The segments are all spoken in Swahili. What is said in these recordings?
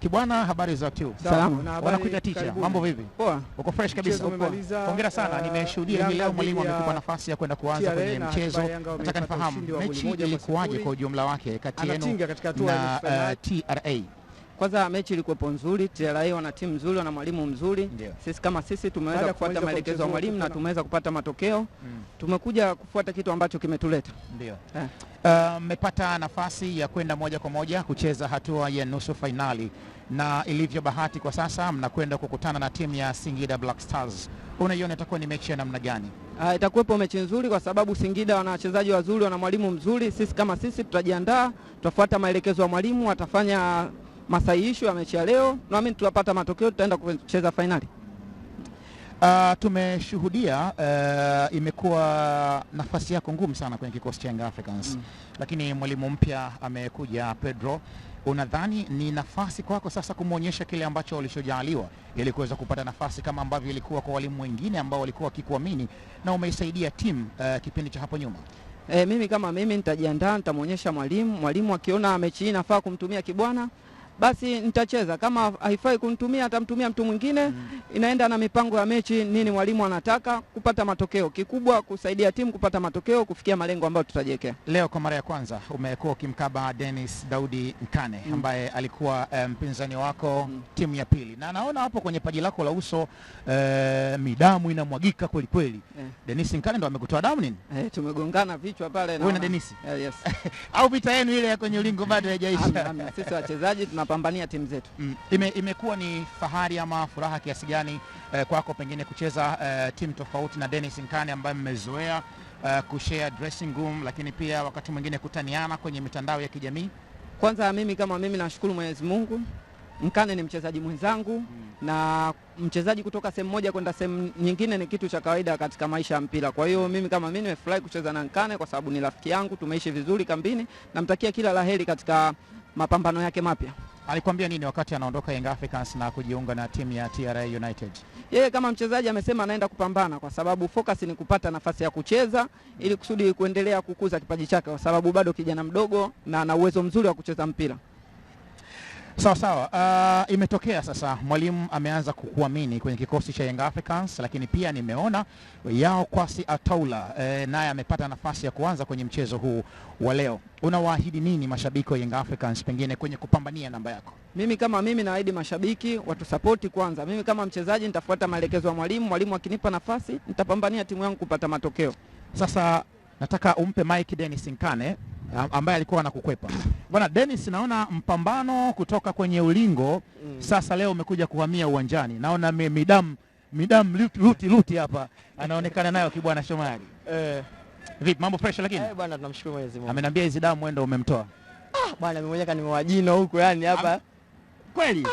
Kibwana, habari za tu? Salamu. Wanakuita ticha, mambo vipi? Poa. Uko fresh kabisa? Uko. Hongera sana, ah, nimeshuhudia hii leo mwalimu amekupa nafasi ya kwenda kuanza kwenye mchezo. Nataka nifahamu mechi ilikuwaje kwa ujumla wake kati yenu na TRA? kwanza mechi ilikuwepo nzuri, TRA wana timu nzuri, wana mwalimu mzuri yeah. Sisi kama sisi tumeweza kufuata maelekezo ya mwalimu na tumeweza kupata matokeo mm. Tumekuja kufuata kitu ambacho kimetuleta ndio eh. Eh, mmepata eh. Uh, nafasi ya kwenda moja kwa moja kucheza hatua ya nusu fainali, na ilivyo bahati kwa sasa mnakwenda kukutana na timu ya Singida Black Stars. Unaiona itakuwa ni mechi ya namna gani? Uh, itakuwepo mechi nzuri kwa sababu Singida wana wachezaji wazuri, wana mwalimu mzuri. Sisi kama sisi tutajiandaa, tutafuata maelekezo ya mwalimu, atafanya masahihisho ya mechi ya leo, naamini tutapata matokeo, tutaenda kucheza fainali. Uh, ah, tumeshuhudia uh, imekuwa nafasi yako ngumu sana kwenye kikosi cha Young Africans mm. Lakini mwalimu mpya amekuja Pedro, unadhani ni nafasi kwako sasa kumwonyesha kile ambacho ulichojaliwa ili kuweza kupata nafasi kama ambavyo ilikuwa kwa walimu wengine ambao walikuwa wakikuamini na umeisaidia timu uh, eh, kipindi cha hapo nyuma? E, mimi kama mimi nitajiandaa, nitamwonyesha mwalimu. Mwalimu akiona mechi hii nafaa kumtumia kibwana basi nitacheza, kama haifai kunitumia atamtumia mtu mwingine mm. Inaenda na mipango ya mechi, nini mwalimu anataka kupata matokeo, kikubwa kusaidia timu kupata matokeo, kufikia malengo ambayo tutajiwekea. Leo kwa mara ya kwanza umekuwa ukimkaba Dennis Daudi Nkane mm. ambaye alikuwa eh, mpinzani um, wako mm. timu ya pili, na naona hapo kwenye paji lako la uso uh, midamu inamwagika kweli kweli yeah. Dennis Nkane ndo amekutoa damu nini? Eh, tumegongana vichwa pale na Dennis. Yeah, yes. au vita yenu ile ya kwenye ulingo bado haijaisha. Sisi wachezaji tuna tunapambania timu zetu mm. Ime, imekuwa ni fahari ama furaha kiasi gani eh, kwako pengine kucheza eh, timu tofauti na Dennis Nkane ambaye mmezoea eh, kushare dressing room, lakini pia wakati mwingine kutaniana kwenye mitandao ya kijamii? Kwanza mimi kama mimi nashukuru Mwenyezi Mungu, Nkane ni mchezaji mwenzangu mm. na mchezaji kutoka sehemu moja kwenda sehemu nyingine ni kitu cha kawaida katika maisha ya mpira. Kwa hiyo mimi kama mimi nimefurahi kucheza na Nkane kwa sababu ni rafiki yangu, tumeishi vizuri kambini, namtakia kila laheri katika mapambano yake mapya. Alikwambia nini wakati anaondoka Young Africans na kujiunga na timu ya TRA United? Yeye kama mchezaji amesema anaenda kupambana, kwa sababu focus ni kupata nafasi ya kucheza ili kusudi kuendelea kukuza kipaji chake, kwa sababu bado kijana mdogo na ana uwezo mzuri wa kucheza mpira. Sawa sawa. Uh, imetokea sasa mwalimu ameanza kukuamini kwenye kikosi cha Young Africans, lakini pia nimeona Yao Kwasi Ataula eh, naye amepata nafasi ya kuanza kwenye mchezo huu wa leo. Unawaahidi nini mashabiki wa Young Africans pengine kwenye kupambania namba yako? Mimi kama mimi naahidi mashabiki watusapoti kwanza. Mimi kama mchezaji nitafuata maelekezo ya mwalimu, mwalimu akinipa nafasi nitapambania timu yangu kupata matokeo. Sasa nataka umpe Mike Dennis Nkane ambaye alikuwa anakukwepa bwana Dennis. Naona mpambano kutoka kwenye ulingo mm. Sasa leo umekuja kuhamia uwanjani, naona midam midam luti luti, luti hapa anaonekana nayo kibwana Shomari eh. Vipi mambo fresh? Lakini eh, bwana tunamshukuru Mwenyezi Mungu. Ameniambia hizi damu ndio umemtoa. Ah, bwana mimi mwenyewe kanimwajino huko yani hapa kweli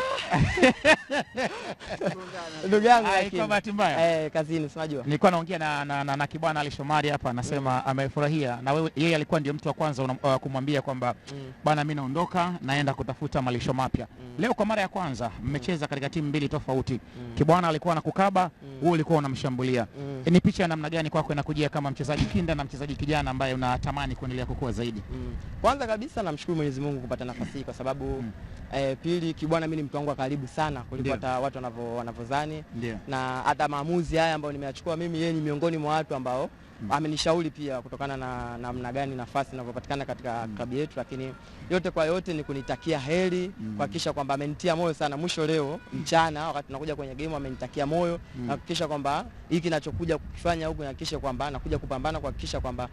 ndugu yangu, ah, kwa bahati mbaya eh, kazini unajua. Nilikuwa naongea na, na, na, na Kibwana Ali Shomari hapa anasema mm. amefurahia na wewe, yeye alikuwa ndio mtu wa kwanza uh, kumwambia kwamba mm. bwana, mimi naondoka naenda kutafuta malisho mapya mm. Leo kwa mara ya kwanza mmecheza mm. katika timu mbili tofauti mm. Kibwana alikuwa anakukaba mm. wewe ulikuwa unamshambulia mm. E, ni picha ya namna gani kwako inakujia kama mchezaji kinda na mchezaji kijana ambaye unatamani kuendelea kukua zaidi? mm. Kwanza kabisa namshukuru Mwenyezi Mungu kupata nafasi hii kwa sababu mm. eh, pili bwana, mimi ni mtu wangu wa karibu sana kuliko hata watu wanavyozani, na hata maamuzi haya ambayo nimeachukua mimi, yeye ni miongoni mwa watu ambao Mm. Amenishauri pia kutokana na namna gani nafasi inavyopatikana katika mm. klabu yetu, lakini yote kwa yote ni kunitakia heri mm. kuhakikisha kwamba amenitia moyo sana. Mwisho leo mm. mchana wakati tunakuja kwenye game amenitakia moyo mm. na kuhakikisha kwamba hiki ninachokuja kukifanya huku nihakikishe kwamba nakuja kupambana kuhakikisha kwamba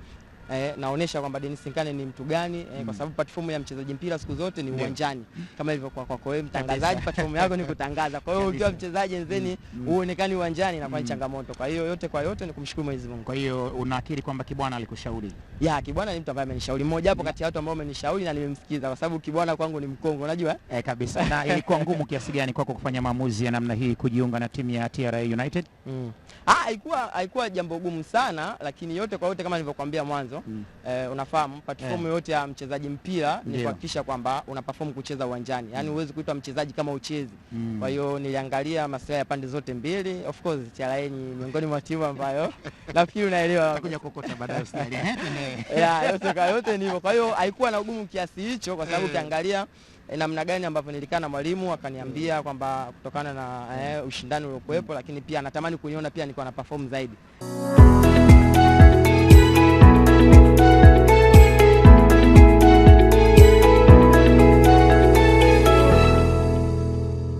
eh, naonesha kwamba Dennis Nkane ni mtu gani eh, mm. kwa sababu platform ya mchezaji mpira siku zote ni uwanjani kama ilivyokuwa kwako wewe mtangazaji, platform yako ni kutangaza. Kwa hiyo ukiwa mchezaji nzeni mm. mm. uonekani uwanjani kwa ni mm. changamoto. Kwa hiyo yote kwa yote ni kumshukuru Mwenyezi Mungu. Kwa hiyo unaakiri kwamba Kibwana alikushauri? Ya, Kibwana ni mtu ambaye amenishauri, mmoja hapo kati ya watu ambao amenishauri na nimemsikiza, kwa sababu Kibwana kwangu ni mkongo, unajua eh, kabisa. Na ilikuwa ngumu kiasi gani kwako kufanya maamuzi ya namna hii kujiunga na timu ya TRA United? Mm. Ah, haikuwa haikuwa jambo gumu sana, lakini yote kwa yote kama nilivyokuambia mwanzo mwanzo mm. Eh, unafahamu platform eh. yote ya mchezaji mpira ni kuhakikisha kwamba una perform kucheza uwanjani, yaani mm. huwezi mm. kuitwa mchezaji kama uchezi mm. Kwa hiyo niliangalia masuala ya pande zote mbili, of course TRA ni miongoni mwa timu ambayo nafikiri unaelewa kuja kokota baadaye yote kwa yote ni hivyo. Kwa hiyo haikuwa na ugumu kiasi hicho, kwa sababu eh. ukiangalia eh, namna gani ambavyo nilikaa na mwalimu akaniambia mm. kwamba kutokana na eh, mm. ushindani uliokuwepo, lakini pia anatamani kuniona pia niko na perform zaidi.